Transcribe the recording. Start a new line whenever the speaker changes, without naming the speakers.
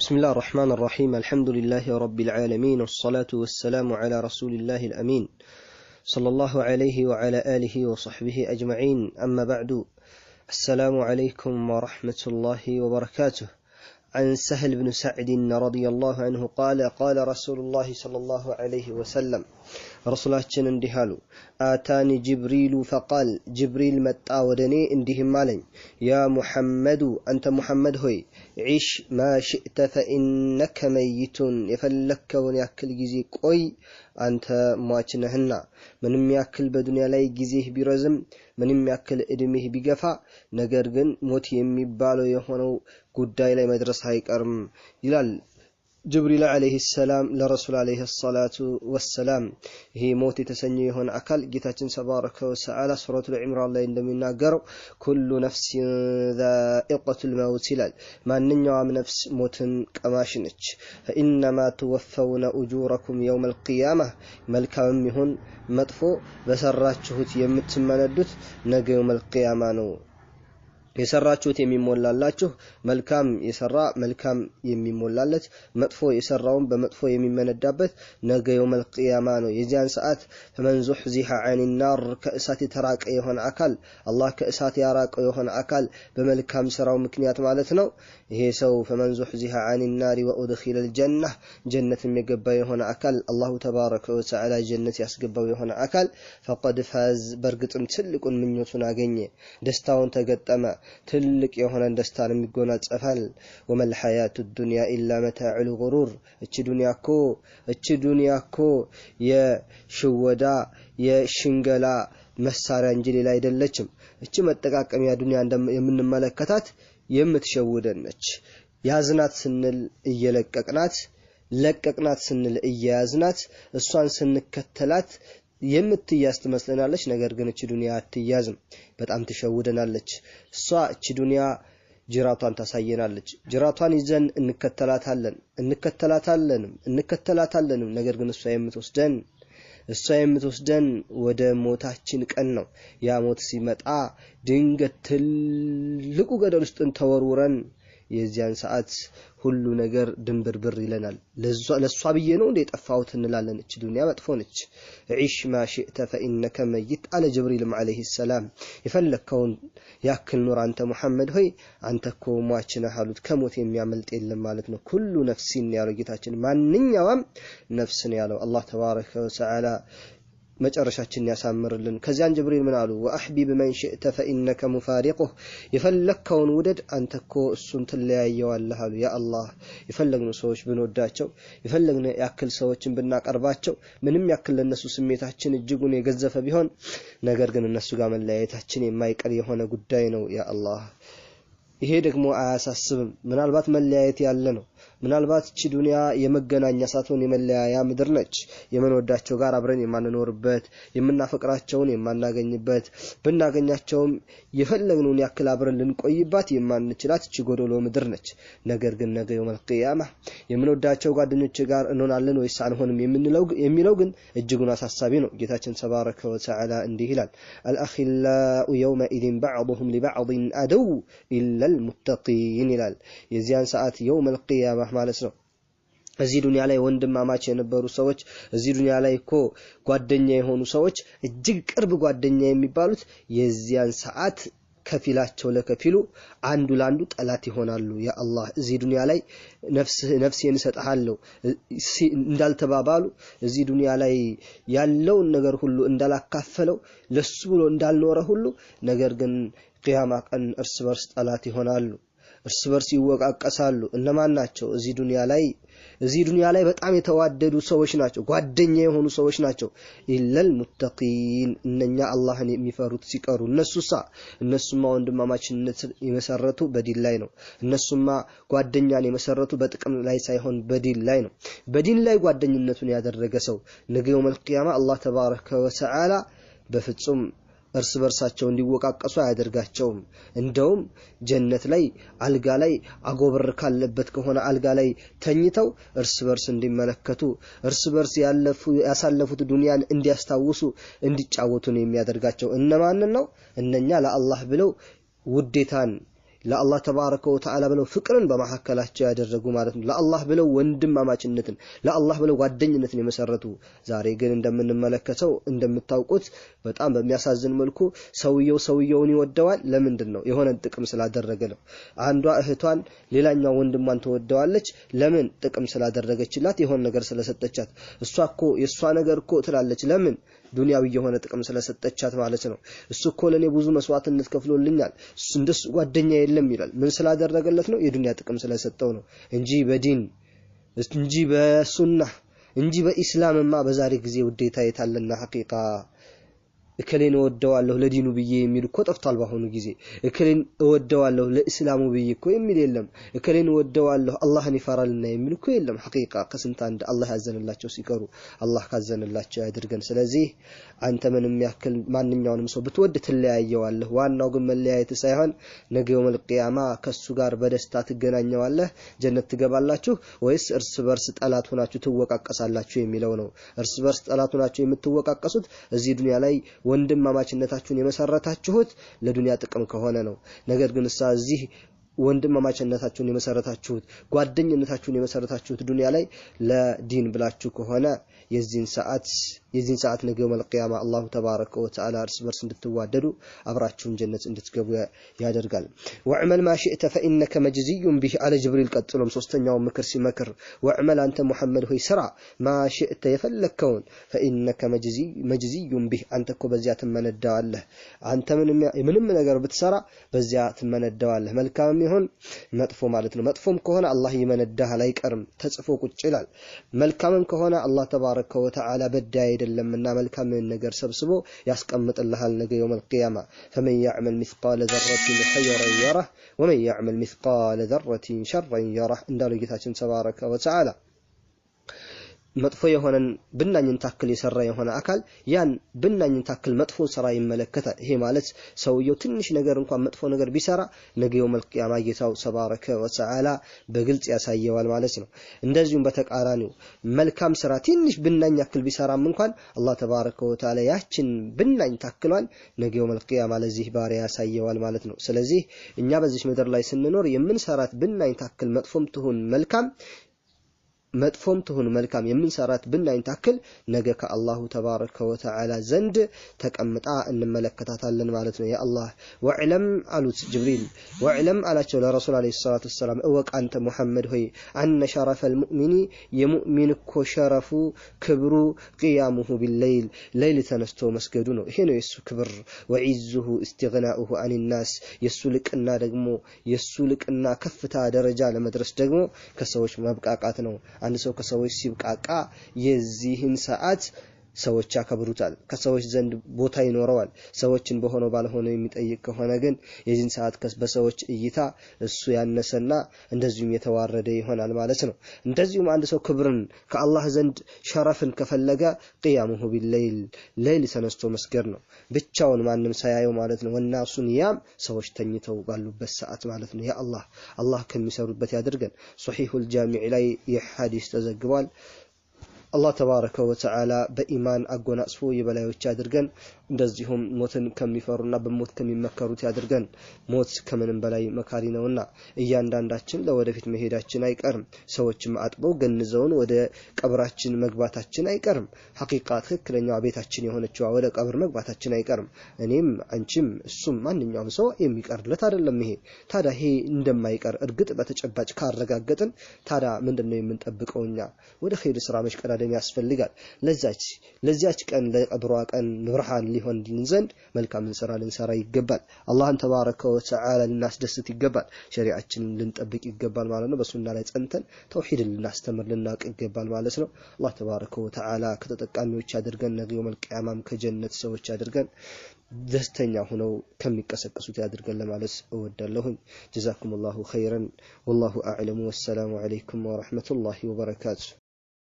بسم الله الرحمن الرحيم الحمد لله رب العالمين والصلاة والسلام على رسول الله الأمين صلى الله عليه وعلى آله وصحبه أجمعين أما بعد السلام عليكم ورحمة الله وبركاته عن سهل بن سعد رضي الله عنه قال قال رسول الله صلى الله عليه وسلم رسولاتشن اندهالو آتاني جبريل فقال جبريل متى ودني اندهم مالن يا محمد أنت محمد هوي عش ما شئت فإنك ميت يفلك ونياكل جزي قوي أنت مواجنهن من ياكل بدنيا لاي جزيه برزم من ياكل إدميه بقفا نقرقن موت يمي بالو يهونو ጉዳይ ላይ መድረስ አይቀርም ይላል ጅብሪል አለይህ ሰላም ለረሱል አለይህ ሰላቱ ወሰላም ይሄ ሞት የተሰኘው የሆነ አካል ጌታችን ተባረከ ወተዓላ ሱረቱል ኢምራን ላይ እንደሚናገረው ኩሉ ነፍሲን ዛኢቀቱል መውት ይላል። ማንኛውም ነፍስ ሞትን ቀማሽ ነች። ፈኢነማ ትወፈውነ ኡጁረኩም የውመል ቂያማ መልካምም ይሁን መጥፎ በሰራችሁት የምትመነዱት ነገ የውመል ቂያማ ነው። የሰራችሁት የሚሞላላችሁ፣ መልካም የሰራ መልካም የሚሞላለት፣ መጥፎ የሰራውን በመጥፎ የሚመነዳበት ነገ የውመል ቂያማ ነው። የዚያን ሰዓት ፈመን ዙሕዚሐ ዐኒ ናር ከእሳት የተራቀ የሆነ አካል አላህ ከእሳት ያራቀው የሆነ አካል በመልካም ስራው ምክንያት ማለት ነው። ይሄ ሰው ፈመን ዙሕዚሐ ዐኒ ናሪ ወኡድኺለል ጀና ጀነት የገባ የሆነ አካል አላሁ ተባረከ ወተዓላ ጀነት ያስገባው የሆነ አካል ፈቀድ ፋዝ በእርግጥም ትልቁን ምኞቱን አገኘ፣ ደስታውን ተገጠመ። ትልቅ የሆነን ደስታን የሚጎናጸፋል። ወመል ሐያቱ ዱንያ ኢላ መታዕል ጉሩር። እቺ ዱንያ እኮ እቺ ዱንያ እኮ የሽወዳ የሽንገላ መሳሪያ እንጂ ሌላ አይደለችም። እቺ መጠቃቀሚያ ዱንያ የምንመለከታት የምትሸውደን ነች። ያዝናት ስንል እየለቀቅናት ለቀቅናት ስንል እየያዝናት እሷን ስንከተላት የምትያዝ ትመስለናለች። ነገር ግን እቺ ዱንያ አትያዝም፣ በጣም ትሸውደናለች። እሷ እቺ ዱንያ ጅራቷን ታሳየናለች። ጅራቷን ይዘን እንከተላታለን እንከተላታለንም እንከተላታለንም። ነገር ግን እሷ የምትወስደን እሷ የምትወስደን ወደ ሞታችን ቀን ነው። ያ ሞት ሲመጣ ድንገት ትልቁ ገደል ውስጥን ተወርውረን የዚያን ሰዓት ሁሉ ነገር ድንብርብር ይለናል። ለእሷ ብዬ ነው እንደ የጠፋሁት እንላለን። እች ዱንያ መጥፎ ነች። ዒሽ ማ ሽእተ ፈኢነከ መይት አለ ጅብሪልም ዓለይሂ ሰላም። የፈለግከውን ያክል ኑር አንተ ሙሐመድ ሆይ አንተ እኮ ሟች ነህ አሉት። ከሞት የሚያመልጥ የለም ማለት ነው። ኩሉ ነፍሲን ያለው ጌታችን ማንኛውም ነፍስን ያለው አላህ ተባረከ ወተዓላ መጨረሻችን ያሳምርልን። ከዚያን ጅብሪል ምን አሉ? ወአሕቢብ መን ሽእተ ፈኢነከ ሙፋሪቁህ፣ የፈለግከውን ውደድ አንተ እኮ እሱን ትለያየዋለህ አሉ። ያ አላህ የፈለግነው ሰዎች ብንወዳቸው የፈለግነ ያክል ሰዎችን ብናቀርባቸው ምንም ያክል ለእነሱ ስሜታችን እጅጉን የገዘፈ ቢሆን ነገር ግን እነሱ ጋር መለያየታችን የማይቀር የሆነ ጉዳይ ነው። ያ አላህ ይሄ ደግሞ አያሳስብም። ምናልባት መለያየት ያለ ነው ምናልባት እቺ ዱንያ የመገናኛ ሳትሆን የመለያያ ምድር ነች። የምንወዳቸው ጋር አብረን የማንኖርበት፣ የምናፈቅራቸውን የማናገኝበት፣ ብናገኛቸውም የፈለግነውን ያክል አብረን ልንቆይባት የማንችላት እቺ ጎዶሎ ምድር ነች። ነገር ግን ነገ የውመል ቂያማ የምንወዳቸው ጓደኞች ጋር እንሆናለን ወይስ አንሆንም የሚለው ግን እጅጉን አሳሳቢ ነው። ጌታችን ተባረከ ወተዓላ እንዲህ ይላል፣ አልአኺላኡ የውመኢዝን ባዕዱሁም ሊባዕድን አደው ኢለል ሙተቂን ይላል። የዚያን ሰዓት የውመል ቂያማ ቂያማህ ማለት ነው። እዚህ ዱንያ ላይ ወንድማማች የነበሩ ሰዎች እዚህ ዱንያ ላይ እኮ ጓደኛ የሆኑ ሰዎች እጅግ ቅርብ ጓደኛ የሚባሉት የዚያን ሰዓት ከፊላቸው ለከፊሉ አንዱ ለአንዱ ጠላት ይሆናሉ። ያ አላህ እዚህ ዱንያ ላይ ነፍሴን እሰጥሃለሁ እንዳልተባባሉ እዚህ ዱንያ ላይ ያለውን ነገር ሁሉ እንዳላካፈለው ለሱ ብሎ እንዳልኖረ ሁሉ ነገር ግን ቅያማ ቀን እርስ በርስ ጠላት ይሆናሉ። እርስ በርስ ይወቃቀሳሉ። እነማን ናቸው? እዚህ ዱንያ ላይ እዚህ ዱንያ ላይ በጣም የተዋደዱ ሰዎች ናቸው፣ ጓደኛ የሆኑ ሰዎች ናቸው። ኢለል ሙተቂን እነኛ አላህን የሚፈሩት ሲቀሩ። እነሱሳ እነሱማ ወንድማማችነት የመሰረቱ በዲን ላይ ነው። እነሱማ ጓደኛን የመሰረቱ በጥቅም ላይ ሳይሆን በዲን ላይ ነው። በዲን ላይ ጓደኝነቱን ያደረገ ሰው ነገ የውመል ቂያማ አላህ ተባረከ ወተዓላ በፍጹም እርስ በርሳቸው እንዲወቃቀሱ አያደርጋቸውም። እንደውም ጀነት ላይ አልጋ ላይ አጎበር ካለበት ከሆነ አልጋ ላይ ተኝተው እርስ በርስ እንዲመለከቱ እርስ በርስ ያሳለፉት ዱንያን እንዲያስታውሱ እንዲጫወቱ ነው የሚያደርጋቸው። እነማንን ነው? እነኛ ለአላህ ብለው ውዴታን ለአላህ ተባረከ ወተዓላ ብለው ፍቅርን በመካከላቸው ያደረጉ ማለት ነው። ለአላህ ብለው ወንድማማችነትን፣ ለአላህ ብለው ጓደኝነትን የመሰረቱ። ዛሬ ግን እንደምንመለከተው እንደምታውቁት በጣም በሚያሳዝን መልኩ ሰውየው ሰውየውን ይወደዋል። ለምንድን ነው? የሆነን ጥቅም ስላደረገ ነው። አንዷ እህቷን ሌላኛው ወንድሟን ትወደዋለች። ለምን? ጥቅም ስላደረገችላት፣ የሆነ ነገር ስለሰጠቻት። እሷ እኮ የእሷ ነገር እኮ ትላለች። ለምን? ዱንያዊ የሆነ ጥቅም ስለሰጠቻት ማለት ነው። እሱ እኮ ለእኔ ብዙ መስዋዕትነት ከፍሎልኛል እንደሱ ጓደኛ የለም ይላል። ምን ስላደረገለት ነው? የዱንያ ጥቅም ስለሰጠው ነው እንጂ በዲን እንጂ በሱና እንጂ በኢስላምማ በዛሬ ጊዜ ውዴታ የታለና ሐቂቃ እከሌን እወደዋለሁ ለዲኑ ብዬ የሚል እኮ ጠፍቷል። በአሁኑ ጊዜ እከሌን እወደዋለሁ ለእስላሙ ብዬ እኮ የሚል የለም። እከሌን እወደዋለሁ አላህን ይፈራልና የሚል እኮ የለም። ሐቂቃ ከስንት አንድ አላህ ያዘንላቸው ሲቀሩ አላህ ካዘንላቸው ያድርገን። ስለዚህ አንተ ምንም ያክል ማንኛውንም ሰው ብትወድ ትለያየዋለህ። ዋናው ግን መለያየት ሳይሆን ነገ የውመል ቂያማ ከሱ ጋር በደስታ ትገናኘዋለህ፣ ጀነት ትገባላችሁ ወይስ እርስ በርስ ጠላት ሆናችሁ ትወቃቀሳላችሁ የሚለው ነው። እርስ በርስ ጠላት ሆናችሁ የምትወቃቀሱት እዚህ ዱንያ ላይ ወንድማማችነታችሁን የመሰረታችሁት ለዱንያ ጥቅም ከሆነ ነው። ነገር ግን እሳ እዚህ ወንድማማችነታችሁን የመሰረታችሁት ጓደኝነታችሁን የመሰረታችሁት ዱንያ ላይ ለዲን ብላችሁ ከሆነ የዚህን ሰዓት የዚህን ሰዓት ነገ መልቂያማ አላሁ ተባረከ ወተዓላ እርስ በርስ እንድትዋደዱ አብራችሁን ጀነት እንድትገቡ ያደርጋል። ወዕመል ማሽእተ ፈኢነከ መጅዝዩን ቢህ አለ ጅብሪል። ቀጥሎም ሶስተኛው ምክር ሲመክር ወዕመል አንተ ሙሐመድ ሆይ ስራ ማሽእተ የፈለግከውን ፈኢነከ መጅዝዩን ቢህ አንተ እኮ በዚያ ትመነዳዋለህ። አንተ ምንም ነገር ብትሰራ በዚያ ትመነዳዋለህ። መልካም ሲሆን መጥፎ ማለት ነው። መጥፎም ከሆነ አላህ ይመነዳሃል፣ አይቀርም፣ ተጽፎ ቁጭ ይላል። መልካምም ከሆነ አላህ ተባረከ ወተዓላ በዳይ አይደለምና መልካምን ነገር ሰብስቦ ያስቀምጥልሃል ነገ የውመል ቂያማ። ፈመን ያዕመል ሚስቃለ ዘረቲን ኸይረን የረህ ወመን ያዕመል ሚስቃለ ዘረቲን ሸረን የረህ እንዳሉ ጌታችን ተባረከ ወተዓላ መጥፎ የሆነን ብናኝን ታክል የሰራ የሆነ አካል ያን ብናኝን ታክል መጥፎ ስራ ይመለከታል። ይሄ ማለት ሰውየው ትንሽ ነገር እንኳን መጥፎ ነገር ቢሰራ ነገው መልቅያማ ጌታው ተባረከ ወተዓላ በግልጽ ያሳየዋል ማለት ነው። እንደዚሁም በተቃራኒው መልካም ስራ ትንሽ ብናኝ ያክል ቢሰራም እንኳን አላህ ተባረከ ወተዓላ ያችን ብናኝ ታክሏል ነገው መልቅያማ ለዚህ ባሪያ ያሳየዋል ማለት ነው። ስለዚህ እኛ በዚህ ምድር ላይ ስንኖር የምንሰራት ብናኝ ታክል መጥፎም ትሁን መልካም መጥፎም ትሁን መልካም የምንሰራት ብናይን ታክል ነገ ከአላሁ ተባረከ ወተዓላ ዘንድ ተቀምጣ እንመለከታታለን ማለት ነው። የአላህ ወዕለም አሉት ጅብሪል። ወዕለም አላቸው ለረሱል ዓለይሂ ሰላቱ ወሰላም፣ እወቅ አንተ ሙሐመድ ሆይ አነ ሸረፈል ሙእሚኒ የሙእሚን እኮ ሸረፉ ክብሩ ቅያሙሁ ቢለይል ለይል ተነስቶ መስገዱ ነው። ይሄ ነው የእሱ ክብር። ወዒዙሁ እስትግናኡሁ አኒናስ የእሱ ልቅና ደግሞ የእሱ ልቅና ከፍታ ደረጃ ለመድረስ ደግሞ ከሰዎች መብቃቃት ነው። አንድ ሰው ከሰዎች ሲብቃቃ የዚህን ሰዓት ሰዎች ያከብሩታል፣ ከሰዎች ዘንድ ቦታ ይኖረዋል። ሰዎችን በሆነው ባልሆነው የሚጠይቅ ከሆነ ግን የዚህን ሰዓት በሰዎች እይታ እሱ ያነሰና እንደዚሁም የተዋረደ ይሆናል ማለት ነው። እንደዚሁም አንድ ሰው ክብርን ከአላህ ዘንድ ሸረፍን ከፈለገ ቅያሙሁ ቢለይል ሌይል ተነስቶ መስገድ ነው። ብቻውን ማንም ሳያየው ማለት ነው። ወናሱን ያም ሰዎች ተኝተው ባሉበት ሰዓት ማለት ነው። ያ አላህ ከሚሰሩበት ያድርገን። ሶሒሁል ጃሚዕ ላይ ይህ ተዘግቧል። አላህ ተባረከ ወተዓላ በኢማን አጎናጽፎ የበላዮች ያድርገን። እንደዚሁም ሞትን ከሚፈሩና በሞት ከሚመከሩት ያድርገን። ሞት ከምንም በላይ መካሪ ነውና እያንዳንዳችን ለወደፊት መሄዳችን አይቀርም። ሰዎችም አጥበው ገንዘውን ወደ ቀብራችን መግባታችን አይቀርም። ሐቂቃ ትክክለኛዋ ቤታችን የሆነችዋ ወደ ቀብር መግባታችን አይቀርም። እኔም፣ አንቺም፣ እሱም ማንኛውም ሰው የሚቀርለት አይደለም። ይሄ ታዲያ ይሄ እንደማይቀር እርግጥ በተጨባጭ ካረጋገጥን ታዲያ ምንድን የምንጠብቀው እኛ ወደ ኸይር ስራ መሽቀዳደ መሳደብ ያስፈልጋል። ለዛች ለዚያች ቀን ለቀድሯ ቀን ብርሃን ሊሆንልን ዘንድ መልካም እንሰራ ልንሰራ ይገባል። አላህን ተባረከ ወተዓላ ልናስደስት ይገባል። ሸሪዓችንን ልንጠብቅ ይገባል ማለት ነው። በሱና ላይ ጸንተን ተውሂድን ልናስተምር ልናውቅ ይገባል ማለት ነው። አላህ ተባረከ ወተዓላ ከተጠቃሚዎች ያድርገን። ነገ የውመል ቂያማም ከጀነት ሰዎች አድርገን ደስተኛ ሆነው ከሚቀሰቀሱት ያድርገን ለማለት እወዳለሁኝ። ጀዛኩም ኸይረን ወላሁ አዕለሙ። ወሰላሙ አለይኩም ወረሕመቱላሂ ወበረካቱ።